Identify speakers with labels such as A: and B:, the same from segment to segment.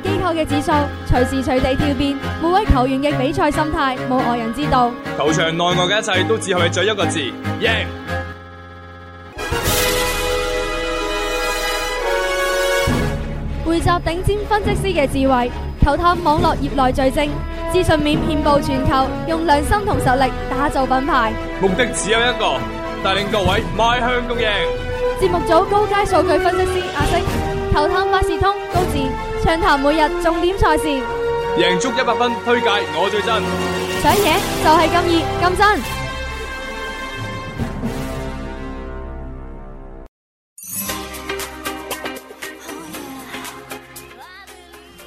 A: 機構嘅指數隨時隨地跳變，每位球員嘅比賽心態冇外人知道。
B: 球場內外嘅一切都只係為咗一個字：贏。
A: 匯集頂尖分析師嘅智慧，球探網絡業內最精，資訊面遍布全球，用良心同實力打造品牌。目的只有一個，帶領各位邁向共贏。節目組高階數據分析師阿星，球探百事通高智。暢談每日重點賽事，
B: 贏足一百分，推介我最真，
A: 想贏就係咁熱咁
B: 真。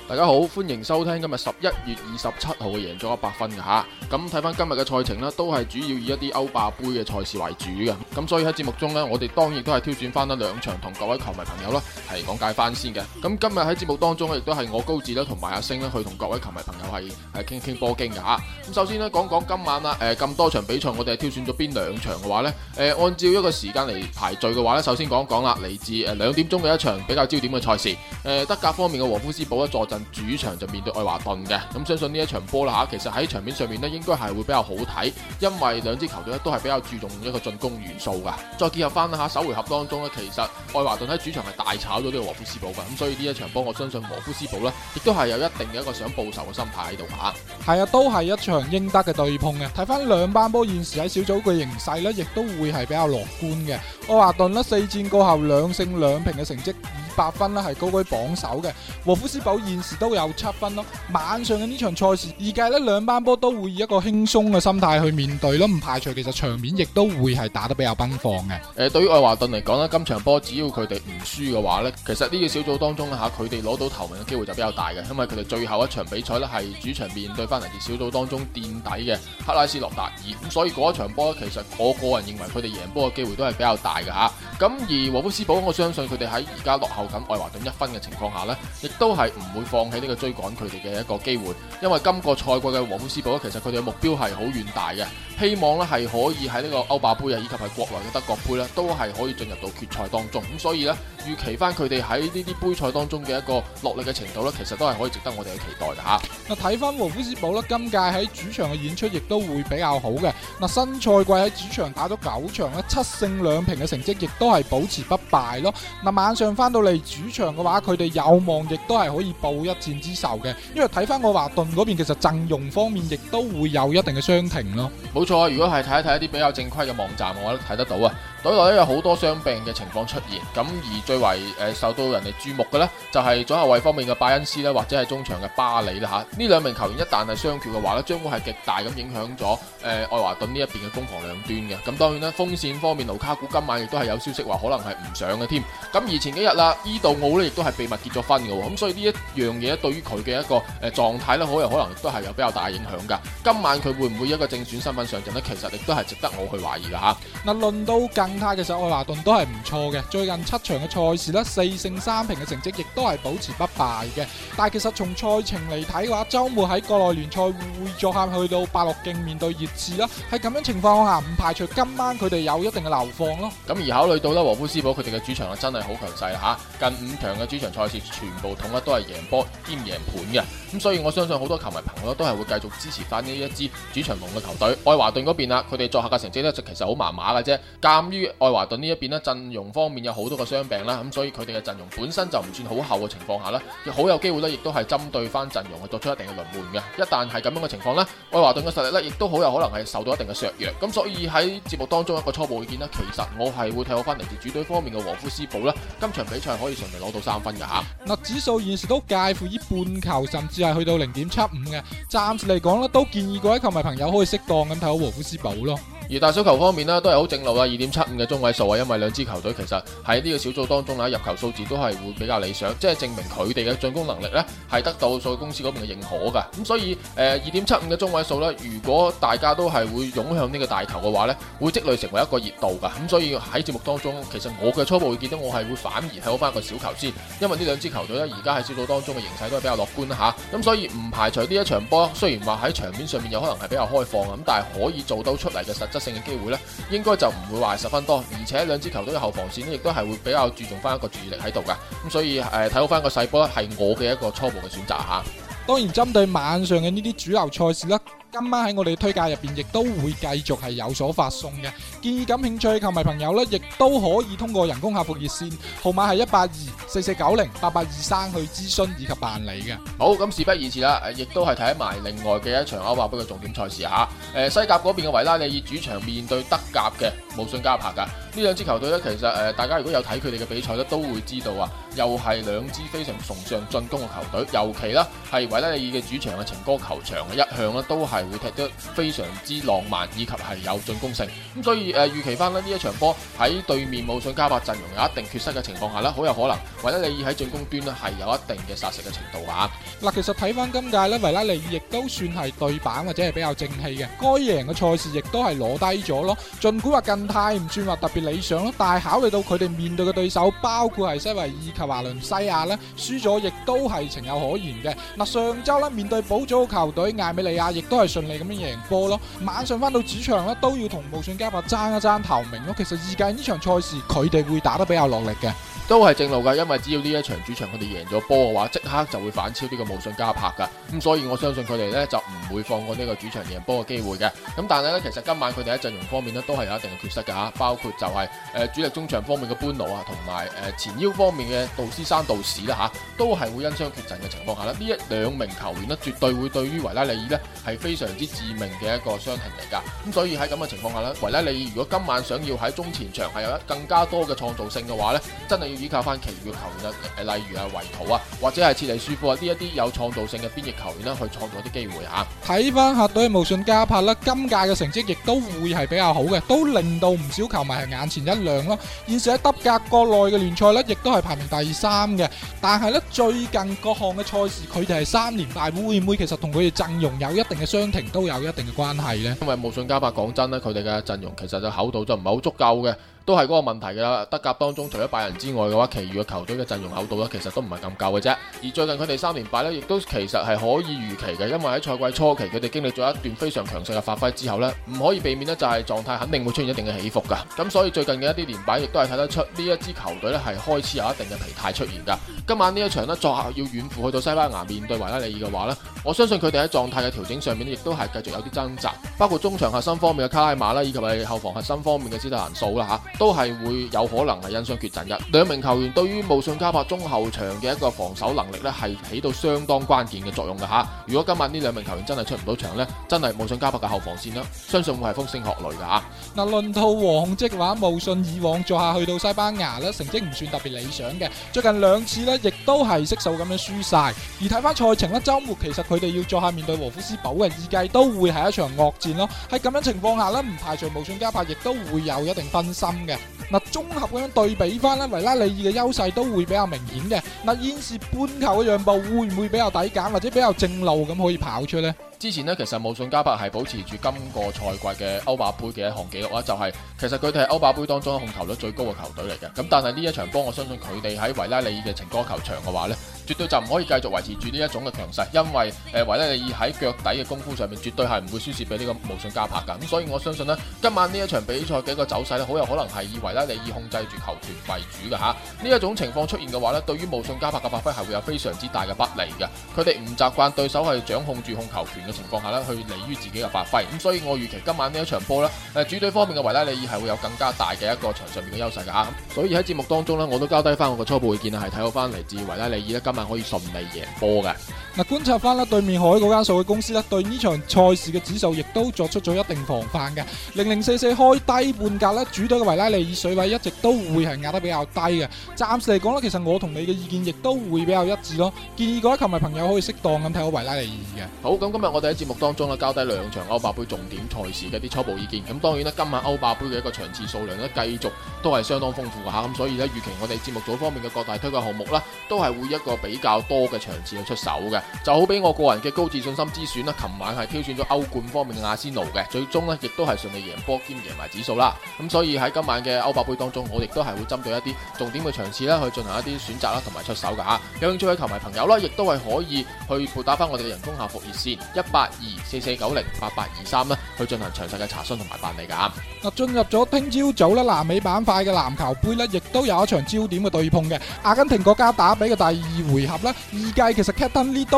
B: 大家好，歡迎收聽今日十一月二十七號嘅贏足一百分嘅吓。咁睇翻今日嘅賽程咧，都係主要以一啲歐霸杯嘅賽事為主嘅。咁所以喺節目中咧，我哋當然都係挑選翻啦兩場同各位球迷朋友啦，係講解翻先嘅。咁今日喺節目當中亦都係我高志咧同埋阿星咧去同各位球迷朋友係係傾傾波經噶吓。咁首先咧講講今晚啊，誒、呃、咁多場比賽我哋係挑選咗邊兩場嘅話咧，誒、呃、按照一個時間嚟排序嘅話咧，首先講一講啦，嚟自誒兩點鐘嘅一場比較焦點嘅賽事，誒、呃、德甲方面嘅禾夫斯堡咧坐陣主場就面對愛華頓嘅。咁相信呢一場波啦吓，其實喺場面上面咧應該係會比較好睇，因為兩支球隊咧都係比較注重一個進攻元素。做噶，再結合翻啦嚇，首回合當中咧，其實愛華頓喺主場係大炒咗呢個和夫斯堡㗎，咁所以呢一場波，我相信和夫斯堡咧，亦都係有一定嘅一個想報仇嘅心態喺度嚇。
A: 係啊，都係一場應得嘅對碰嘅。睇翻兩班波現時喺小組嘅形勢咧，亦都會係比較樂觀嘅。愛華頓呢，四戰過後兩勝兩平嘅成績。八分啦，係高居榜首嘅。和夫斯堡現時都有七分咯。晚上嘅呢場賽事，預計呢兩班波都會以一個輕鬆嘅心態去面對咯。唔排除其實場面亦都會係打得比較奔放嘅。
B: 誒、呃，對於愛華頓嚟講呢今場波只要佢哋唔輸嘅話呢其實呢個小組當中吓，佢哋攞到頭名嘅機會就比較大嘅，因為佢哋最後一場比賽呢係主場面對翻嚟自小組當中墊底嘅克拉斯諾達爾，咁所以嗰一場波其實我個人認為佢哋贏波嘅機會都係比較大嘅吓。咁而和夫斯堡，我相信佢哋喺而家落後。咁愛華頓一分嘅情況下呢，亦都係唔會放棄呢個追趕佢哋嘅一個機會，因為今個賽季嘅禾夫斯堡，其實佢哋嘅目標係好遠大嘅，希望呢係可以喺呢個歐霸盃啊，以及喺國內嘅德國盃呢，都係可以進入到決賽當中，咁所以呢。預期翻佢哋喺呢啲杯賽當中嘅一個落力嘅程度呢，其實都係可以值得我哋嘅期待嘅
A: 吓。嗱，睇翻禾夫斯堡呢，今屆喺主場嘅演出亦都會比較好嘅。嗱，新賽季喺主場打咗九場，七勝兩平嘅成績，亦都係保持不敗咯。嗱，晚上翻到嚟主場嘅話，佢哋有望亦都係可以報一戰之仇嘅。因為睇翻愛華頓嗰邊，其實陣容方面亦都會有一定嘅傷停咯。冇錯，
B: 如果係睇一睇一啲比較正規嘅網站，我都睇得到啊。所以有好多傷病嘅情況出現，咁而最為誒、呃、受到人哋注目嘅呢，就係、是、左後衛方面嘅拜恩斯咧，或者係中場嘅巴里啦吓。呢、啊、兩名球員一旦係傷缺嘅話咧，將會係極大咁影響咗誒愛華頓呢一邊嘅攻防兩端嘅。咁、啊、當然啦，鋒線方面盧卡古今晚亦都係有消息話可能係唔上嘅添。咁、啊、而前幾日啦、啊，伊杜奧呢亦都係秘密結咗婚嘅，咁、啊、所以呢一樣嘢對於佢嘅一個誒狀態咧，好有可能都係有比較大嘅影響噶。今晚佢會唔會一個正選身份上陣呢？
A: 其實亦都係值得我去懷疑嘅吓。嗱、啊，輪到更其實，愛華頓都係唔錯嘅。最近七場嘅賽事咧，四勝三平嘅成績，亦都係保持不敗嘅。但係其實從賽程嚟睇嘅話，周末喺國內聯賽會作客去到白鹿徑面對熱刺啦。喺咁樣的情況下，唔排除今晚佢哋有一定嘅流放咯。
B: 咁而考慮到呢，和夫斯堡佢哋嘅主場啊，真係好強勢吓。近五場嘅主場賽事全部統一都係贏波兼贏盤嘅。咁所以我相信好多球迷朋友都係會繼續支持翻呢一支主場龍嘅球隊。愛華頓嗰邊啊，佢哋作客嘅成績呢，就其實好麻麻嘅啫，鑒於。於愛華頓呢一邊呢陣容方面有好多個傷病啦，咁所以佢哋嘅陣容本身就唔算好厚嘅情況下呢，亦好有機會呢，亦都係針對翻陣容去作出一定嘅輪換嘅。一旦係咁樣嘅情況呢，愛華頓嘅實力呢，亦都好有可能係受到一定嘅削弱。咁所以喺節目當中一個初步意見呢，其實我係會睇好翻嚟自主隊方面嘅禾夫斯堡啦。今場比賽可以順利攞到三分嘅吓。
A: 嗱，指數現時都介乎於半球，甚至係去到零點七五嘅，暫時嚟講呢都建議各位球迷朋友可以適當咁睇好禾夫斯堡咯。
B: 而大小球方面咧，都係好正路啊，二點七五嘅中位數啊，因為兩支球隊其實喺呢個小組當中啦，入球數字都係會比較理想，即係證明佢哋嘅進攻能力咧係得到所有公司嗰邊嘅認可噶。咁所以誒二點七五嘅中位數咧，如果大家都係會湧向呢個大球嘅話咧，會積累成為一個熱度噶。咁所以喺節目當中，其實我嘅初步意見咧，我係會反而睇好翻個小球先，因為呢兩支球隊咧而家喺小組當中嘅形勢都係比較樂觀吓。咁所以唔排除呢一場波，雖然話喺場面上面有可能係比較開放咁，但係可以做到出嚟嘅實質。勝嘅機會咧，應該就唔會話十分多，而且兩支球隊嘅後防線咧，亦都係會比較注重翻一個注意力喺度噶，咁所以誒睇好翻個細波咧，係我嘅一個初步嘅選擇吓。
A: 當然，針對晚上嘅呢啲主流賽事啦。今晚喺我哋嘅推介入邊，亦都會繼續係有所發送嘅。建議感興趣球迷朋友呢，亦都可以通過人工客服熱線號碼係一八二四四九零八八二三去諮詢以及辦理嘅。好，咁事
B: 不宜遲啦，亦都係睇埋另外嘅一場歐霸杯嘅重點賽事吓。誒、啊，西甲嗰邊嘅維拉利爾主場面對德甲嘅慕遜加帕噶。呢兩支球隊呢，其實誒、呃，大家如果有睇佢哋嘅比賽咧，都會知道啊，又係兩支非常崇尚進攻嘅球隊，尤其呢，係維拉利爾嘅主場嘅情歌球場一向呢，都係會踢得非常之浪漫以及係有進攻性。咁所以誒、呃，預期翻咧呢一場波喺對面無上加把陣容有一定缺失嘅情況下呢，好有可能維拉利爾喺進攻端呢係有一定嘅殺食嘅程度吓。
A: 嗱，其實睇翻今屆呢，維拉利爾亦都算係對板或者係比較正氣嘅，該贏嘅賽事亦都係攞低咗咯。盡管話近態唔算話特別。理想咯，但係考慮到佢哋面對嘅對手包括係西維爾及華倫西亞呢，輸咗亦都係情有可原嘅。嗱，上周呢，面對保組嘅球隊艾美利亞，亦都係順利咁樣贏波咯。晚上返到主場呢，都要同慕遜加柏爭一爭頭名咯。其實而家呢場賽事佢哋會打得比較落力嘅。
B: 都係正路噶，因為只要呢一場主場佢哋贏咗波嘅話，即刻就會反超呢個慕遜加柏噶。咁、嗯、所以我相信佢哋呢就唔會放過呢個主場贏波嘅機會嘅。咁、嗯、但係呢，其實今晚佢哋喺陣容方面呢都係有一定嘅缺失嘅吓、啊，包括就係、是、誒、呃、主力中場方面嘅班奴啊，同埋誒前腰方面嘅杜斯山杜士啦吓、啊，都係會因傷缺陣嘅情況下啦。呢一兩名球員呢絕對會對於維拉利爾咧係非常之致命嘅一個傷停嚟噶。咁、嗯、所以喺咁嘅情況下呢，維拉利爾如果今晚想要喺中前場係有一更加多嘅創造性嘅話呢，真係要。依靠翻其餘嘅球員啊，例如啊維圖啊，或者係切尼舒庫啊，呢一啲有創造性嘅邊翼球員咧，去創造啲機會吓。
A: 睇翻客隊無信加帕啦，今屆嘅成績亦都會係比較好嘅，都令到唔少球迷係眼前一亮咯。現時喺德甲國內嘅聯賽咧，亦都係排名第二三嘅。但係咧，最近各項嘅賽事，佢哋係三連敗，會唔會其實同佢哋陣容有一定嘅傷停都有一定嘅關係咧？因為無信加帕講真
B: 咧，佢哋嘅陣容其實就厚度就唔係好足夠嘅。都係嗰個問題㗎啦。德甲當中，除咗拜仁之外嘅話，其餘嘅球隊嘅陣容厚度咧，其實都唔係咁夠嘅啫。而最近佢哋三連敗呢，亦都其實係可以預期嘅，因為喺賽季初期佢哋經歷咗一段非常強勢嘅發揮之後呢，唔可以避免呢，就係狀態肯定會出現一定嘅起伏㗎。咁所以最近嘅一啲連敗，亦都係睇得出呢一支球隊呢，係開始有一定嘅疲態出現㗎。今晚呢一場呢，作客要遠赴去到西班牙面對維拉利爾嘅話呢，我相信佢哋喺狀態嘅調整上面亦都係繼續有啲掙扎，包括中場核心方面嘅卡拉馬啦，以及係後防核心方面嘅斯特蘭素啦嚇。都係會有可能係因傷缺陣嘅兩名球員對於，對於無信加柏中後場嘅一個防守能力咧，係起到相當關鍵嘅作用噶吓。如果今晚呢兩名球員真係出唔到場呢，真係無信加柏嘅後防線啦，相信會係風聲鶴唳噶吓。
A: 嗱，論到往績話，無信以往作客去到西班牙呢，成績唔算特別理想嘅。最近兩次呢，亦都係悉數咁樣輸晒。而睇翻賽程呢，周末其實佢哋要作客面對和夫斯堡嘅，預計都會係一場惡戰咯。喺咁樣情況下呢，唔排除無信加柏亦都會有一定分心的。嗱，綜合咁樣對比翻呢，維拉利爾嘅優勢都會比較明顯嘅。嗱，現時半球嘅讓步會唔會比較抵減，或者比較正路咁可以跑出呢？
B: 之前呢，其實慕遜加伯係保持住今個賽季嘅歐霸杯嘅一項紀錄啦，就係、是、其實佢哋係歐霸杯當中控球率最高嘅球隊嚟嘅。咁但係呢一場波，我相信佢哋喺維拉利爾嘅情歌球場嘅話呢。絕對就唔可以繼續維持住呢一種嘅強勢，因為誒維拉利爾喺腳底嘅功夫上面絕對係唔會輸蝕俾呢個無信加柏㗎，咁、嗯、所以我相信呢，今晚呢一場比賽嘅一個走勢呢，好有可能係以維拉利爾控制住球權為主嘅嚇，呢一種情況出現嘅話呢，對於無信加柏嘅發揮係會有非常之大嘅不利嘅，佢哋唔習慣對手係掌控住控球權嘅情況下呢，去利於自己嘅發揮，咁、嗯、所以我預期今晚呢一場波呢，誒主隊方面嘅維拉利爾係會有更加大嘅一個場上面嘅優勢㗎，咁、嗯、所以喺節目當中呢，我都交低翻我嘅初步意見係睇到翻嚟自維拉利爾今。可以順利贏波嘅。
A: 嗱，觀察翻啦，對面海嗰間數據公司咧，對呢場賽事嘅指數亦都作出咗一定防範嘅，零零四四開低半格咧，主隊嘅維拉利爾水位一直都會係壓得比較低嘅。暫時嚟講咧，其實我同你嘅意見亦都會比較一致咯。建議嗰啲球迷朋友可以適當咁睇好維拉利爾
B: 嘅。好，咁今日我哋喺節目當中咧交低兩場歐霸杯重點賽事嘅啲初步意見。咁當然咧，今晚歐霸杯嘅一個場次數量咧繼續都係相當豐富嚇。咁所以咧，預期我哋節目組方面嘅各大推介項目呢，都係會一個比較多嘅場次去出手嘅。就好比我個人嘅高自信心之選啦，琴晚係挑選咗歐冠方面嘅阿仙奴嘅，最終呢亦都係順利贏波兼贏埋指數啦。咁所以喺今晚嘅歐霸盃當中，我亦都係會針對一啲重點嘅場次呢去進行一啲選擇啦同埋出手噶吓。有興趣嘅球迷朋友呢亦都係可以去撥打翻我哋嘅人工客服熱線一八二四四九零八八二三呢去進行詳細嘅查詢同埋辦理噶。
A: 啊，進入咗聽朝早呢，南美板塊嘅籃球盃呢亦都有一場焦點嘅對碰嘅，阿根廷國家打比嘅第二回合呢，意界其實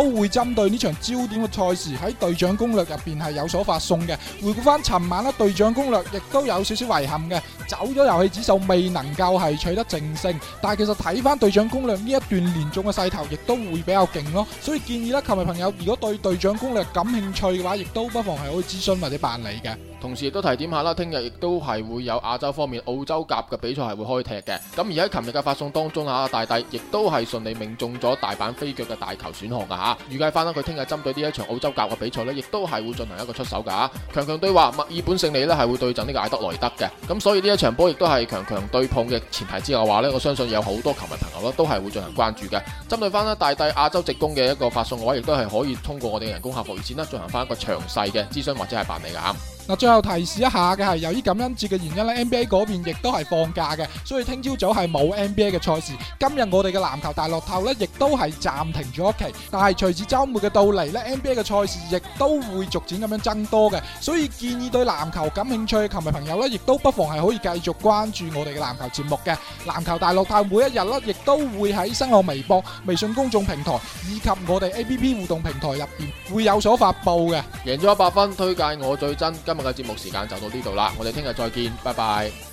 A: 都會針對呢場焦點嘅賽事喺隊長攻略入邊係有所發送嘅。回顧翻尋晚啦，隊長攻略亦都有少少遺憾嘅，走咗遊戲指數未能夠係取得正勝。但係其實睇翻隊長攻略呢一段連中嘅勢頭，亦都會比較勁咯。所以建議咧，球迷朋友如果對隊長攻略感興趣嘅話，亦都不妨係可以諮詢或者辦理嘅。
B: 同時亦都提點下啦，聽日亦都係會有亞洲方面澳洲甲嘅比賽係會開踢嘅。咁而喺琴日嘅發送當中啊，大帝亦都係順利命中咗大阪飛腳嘅大球選項㗎嚇。預計翻啦，佢聽日針對呢一場澳洲甲嘅比賽呢，亦都係會進行一個出手㗎。強強對話墨爾本勝利呢，係會對陣呢個艾德萊德嘅，咁所以呢一場波亦都係強強對碰嘅前提之下話呢，我相信有好多球迷朋友咧都係會進行關注嘅。針對翻啦大帝亞洲直攻嘅一個發送嘅話，亦都係可以通過我哋嘅人工客服熱線啦進行翻一個詳細嘅諮詢或者係辦理㗎。
A: 嗱，最後提示一下嘅係，由於感恩節嘅原因咧，NBA 嗰邊亦都係放假嘅，所以聽朝早係冇 NBA 嘅賽事。今日我哋嘅籃球大樂透咧，亦都係暫停咗一期。但係隨住周末嘅到嚟咧，NBA 嘅賽事亦都會逐漸咁樣增多嘅。所以建議對籃球感興趣嘅球迷朋友咧，亦都不妨係可以繼續關注我哋嘅籃球節目嘅。籃球大樂透每一日咧，亦都會喺新浪微博、微信公眾平台以及我哋 APP 互動平台入邊會有所發布嘅。
B: 贏足 100FUN，推介我最真今。今日節目時間就到呢度啦，我哋聽日再見，拜拜。